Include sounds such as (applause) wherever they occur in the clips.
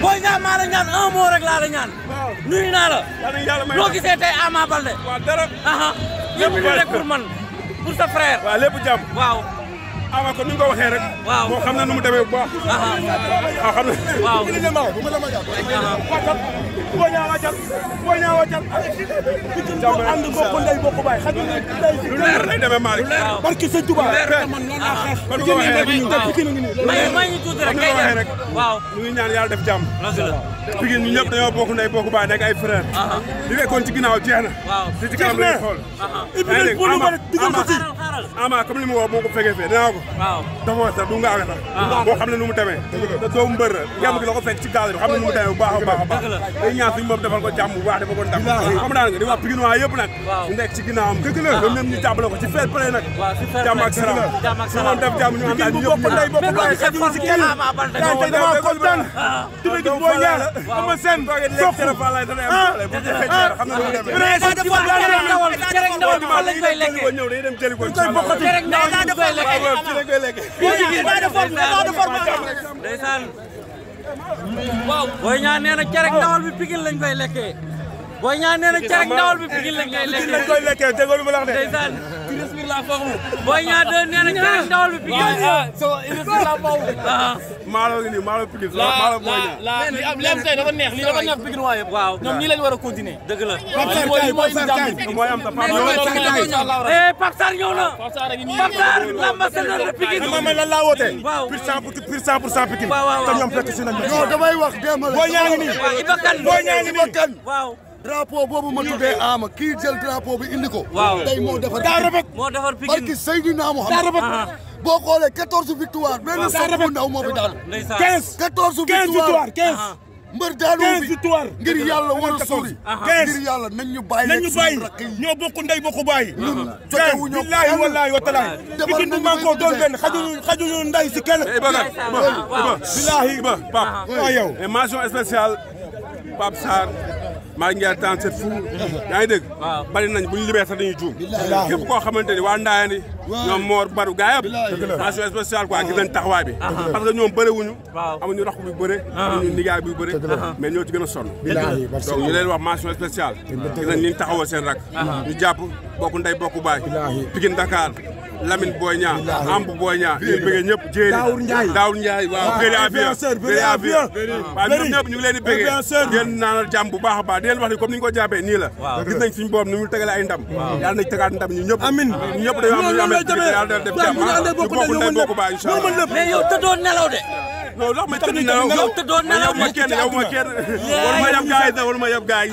Boy Niang maa la ñaan un mot rek laa la ñaan. waaw nuyu naa la. gisee tey Ama Baldé. waaw dara. yëpp rek pour man pour sa ama kon ni nga ko waxee rek. waaw moo xam na nu mu demee bu a waaw xam na. waaw bu ñu bu ma la ma jàpp. waaw boo a jàpp boo ñaaw a jàpp. jàpp rek ànd bokk ndey bokk baay xam nga. lu leer lay demee Malick. waaw barke sëñ ñaan yàlla def jàmm. Pikine ñu ñëpp dañoo bokk ndey bokk baay nekk ay frère li nekkoon ci ginnaaw jeex na li ci kanam lañuy xool ama comme li mu wax ko fekkee fee dinaa ko dafa sax du nga ak sax boo xam ne nu mu demee te doomu mbër la gi la ko fekk ci gaal bi mu demee bu baax a baax a baax day ñaan suñu bopp defal ko jàmm bu baax dafa ko ndax xam naa nga di wax Pikine waa yëpp nag ñu nekk ci ginnaawam dëgg la ñoom ñëpp ñu jàppale ko ci fair play nag jàmm ak salaam su moom def jàmm ñu am daal ñu yëpp ndey bokk baay xajul ci kenn tey dama ama seen soxu ah ah mais dafa cere ndawal cere ndawal fan lañ koy lekkee cere ndawal ñu koy lekkee. bii ci biir état de forme état de forme ndeysaan waaw booy ñaan nee na cere ndawal bi Pikine lañ koy lekkee. booy ñaan nee na cere ndawal bi Pikine lañ koy lekkee lañ koy lekkee déggoo lu ma la wax de. ndeysaan Idriss la forme. booy ñaan de nee na cere ndawal bi Pikine lañ. Ah, waaw ah, so Idriss la forme. maalo ngi nii maalo Pikine maalo booy ñaan. la la li am li am tey dafa neex li dafa neex Pikine waa yëpp. waaw ñoom nii lañ war a continuer. dëgg la mooy mooy jàmm mooy am ta Pape Sarr. Eh, Pape Sarr ñëw na. Pape Sarr la ambassadeur de Pikine. xam nga lan laa woote. waaw pour cent pour cent pour cent Pikine. waaw waaw waaw te ñoom fekk si nañ. non damay wax démb la. booy ñaan ngi nii. waaw Iba Kane booy ñaan ngi nii. waaw drapeau boobu ma tuddee ama kii jël drapeau bi indi ko. waaw tey moo defar. daa rafet moo defar Pikine barki Seydina Mouhamed. boo xoolee quatorze victoire. waaw daa rafet benn ndaw moo fi daal. quinze quatorze victoire quinze. mbër daanu bi ngir yàlla wala suuri. ngir yàlla nañ ñu bàyyi nañ ñu bàyyi si kenn. billaahi ba Pape. waaw yow mention spéciale Pape Sarr. maa ngi tànn set fu (laughs) yaa ngi dégg bari nañ bu ñu limee sax dañuy juum képp koo xamante ni waa Ndaayani ñoom Mor Baru gaayam mention spéciale quoi gis nañ taxawaay bi parce que ñoom bëre wuñu amuñu rax bu ni amuñu ndigaay bu bëre mais ñoo ci gën a sonn donc ñu leen wax mention spéciale gis nañ li ñu taxawal seen rak ñu jàpp bokku ndey bokku baay Pikine Dakar lamin Boy ñaa Ambu Boy Niang ñu bëggee ñëpp jéeri Daawur Njaay waaw bëri ah, avion bëri avion ah, ñu ngi leen di bëggee ngeen naanal jàmm bu baax a baax di leen ni comme ni ko jàppee nii la gis nañ suñu borom ni mu tegale ay ndam yàlla nañ tegaat ndam ñu ñëpp amiin ñu ñëpp dañoo am lu ñu amee yàlla def jàmm ñu bokk ndey bokk baay incha allah mais yow tëddoo nelaw de non loolu ma tëdd nelaw yab gaa yi wala ma yab gaa yi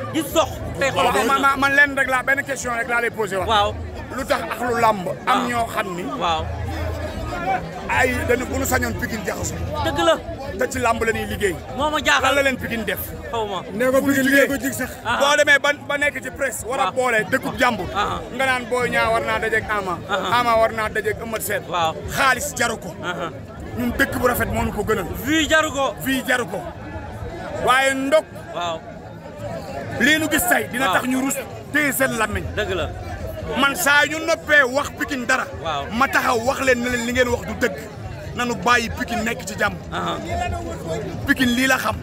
di sox. tey xoolal ko man man leen rek Wow. benn question rek laa lay Wow. wax. waaw lu tax ak lu làmb. am ñoo xam ni. waaw. ay dañu bu ñu sañoon Pikine jaxasoo. dëgg la. te ci làmb la ñuy liggéey. moo ma jaaxal lan la leen Pikine def. xaw ma nee ko Pikine liggéey ko jig sax. Ah, ah. boo demee ba ba nekk ci presse. war a boole dëkkub jàmbur. Ah, nga naan Boy Niang Wow. naa dajeeg Ama. Ama war naa dajeeg Eumeu Sène. waaw xaalis jaru ko. ñun Wow. bu rafet moo ñu ko gënal. vie jaru ko vie jaru ndok. waaw. lii nu gis tey dina tax ñu rus téye seen làmmiñ dëgg la man saa ñu noppee wax Pikine dara ma taxaw wax leen ne li ngeen wax du dëgg nanu bàyyi pikin nekk ci jàmm Pikine lii la xam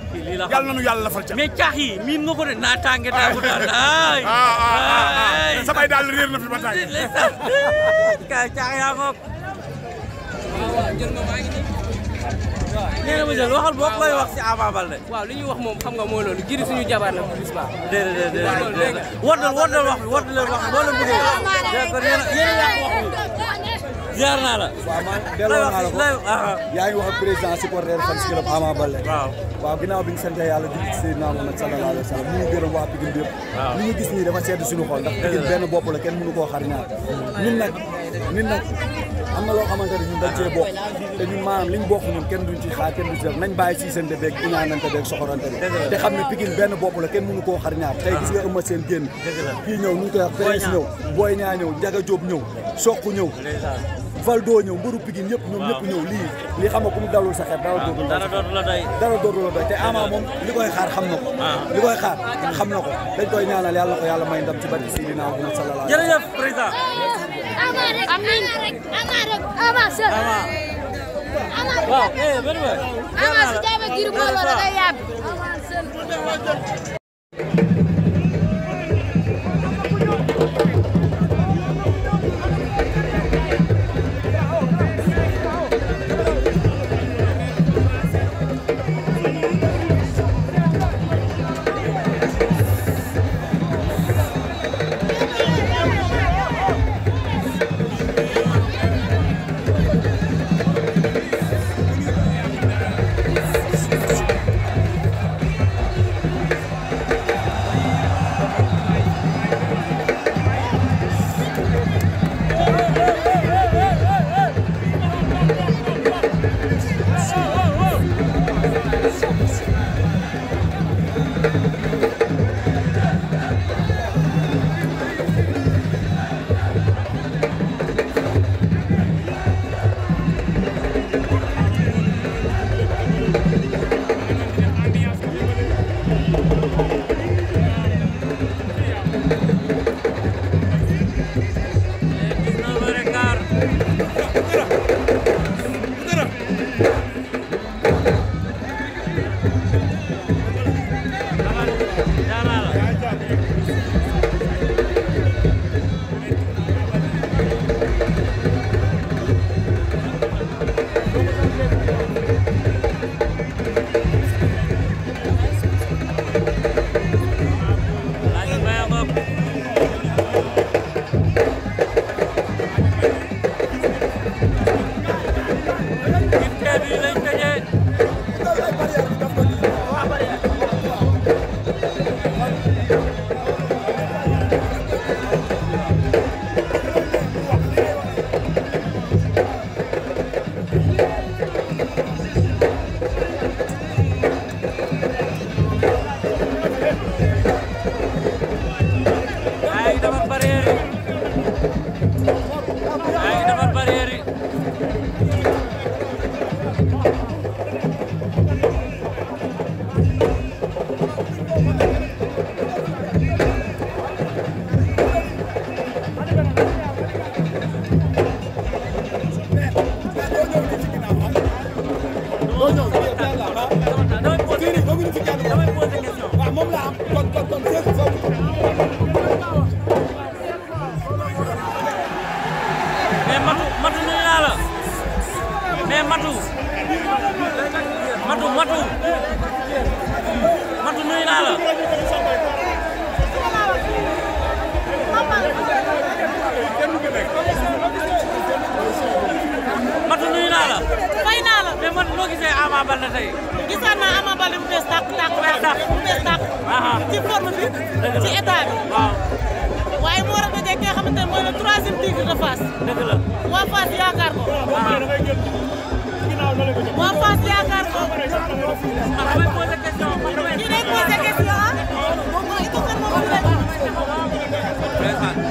yàlla nanu yàlla lafal ca mais caax yi miin nga ko de tànge taagu daal samay (laughs) ah, ah, ah, daal réer na ba (laughs) tàyyi (laughs) caax yaa ngoog nee na ma jël waxal boo ko wax si Ama Baldé. waaw li ñuy wax moom xam nga mooy loolu jiri suñu jabar na plus bas. déedéet déedéet déedéet woddal wax bi wax bi a wax bi jaar naa la. waaw man delloo naa la ko ah, ah. yaa ngi wax ak président supporter fan club Ama Baldé. waaw waaw ginnaaw bi ñu sant yàlla di gis Seydina Muhammad sallallahu alayhi wa sallam ñu ngi gërëm waa Pikine bi yëpp. waaw ñu gis nii dafa sedd suñu xol ndax Pikine benn bopp la kenn mu mënu koo xar ñaar ñun nag ñun nag am na loo xamante ne ñun dañ cee bokk te ñun maanaam li ñu bokk ñun kenn duñ ci xaar kenn duñ ci def nañ bàyyi si seen beeg iñaanante beeg soxorante bi te xam ne Pikine benn bopp la kenn mënu koo xar ñaar tey gis nga ëmma ah. seen génn kii ñëw ñu koy wax Prince ñëw Boy Niang ñëw Ndiaga Diop ñëw Sokh ñëw Valdo ñëw mbëru Pikine ñëpp ñoom ñëpp ñëw lii lii xam nga dalul sa xel dara ah, dootul dara dootul la doy dara dootul te Ama moom li koy xaar xam na ko ah. li koy xaar xam na ko dañ koy ñaanal yàlla ko yàlla may ndam ci barke Seydina Muhammad sallallahu alayhi wa sallam jërëjëf amiin waaw eh benn Baby, waaw moom laa am kon kon kon matu matu nuyu naa matu matu matu matu nuyu naa matu nuyu naa la. fay naa la mais matu noo gisee Ama Baldé tey. gisaat naa mel ni mu bees tàq tàq laa sax mu bees tàq ci forme bi ci état bi waaye mu war a dajee ki nga xamante ne mooy le troisième tigre de Fass dëgg la waa Fass yaakaar ko waa Fass yaakaar ko ñu ne posé question ah moom mooy ko kan moom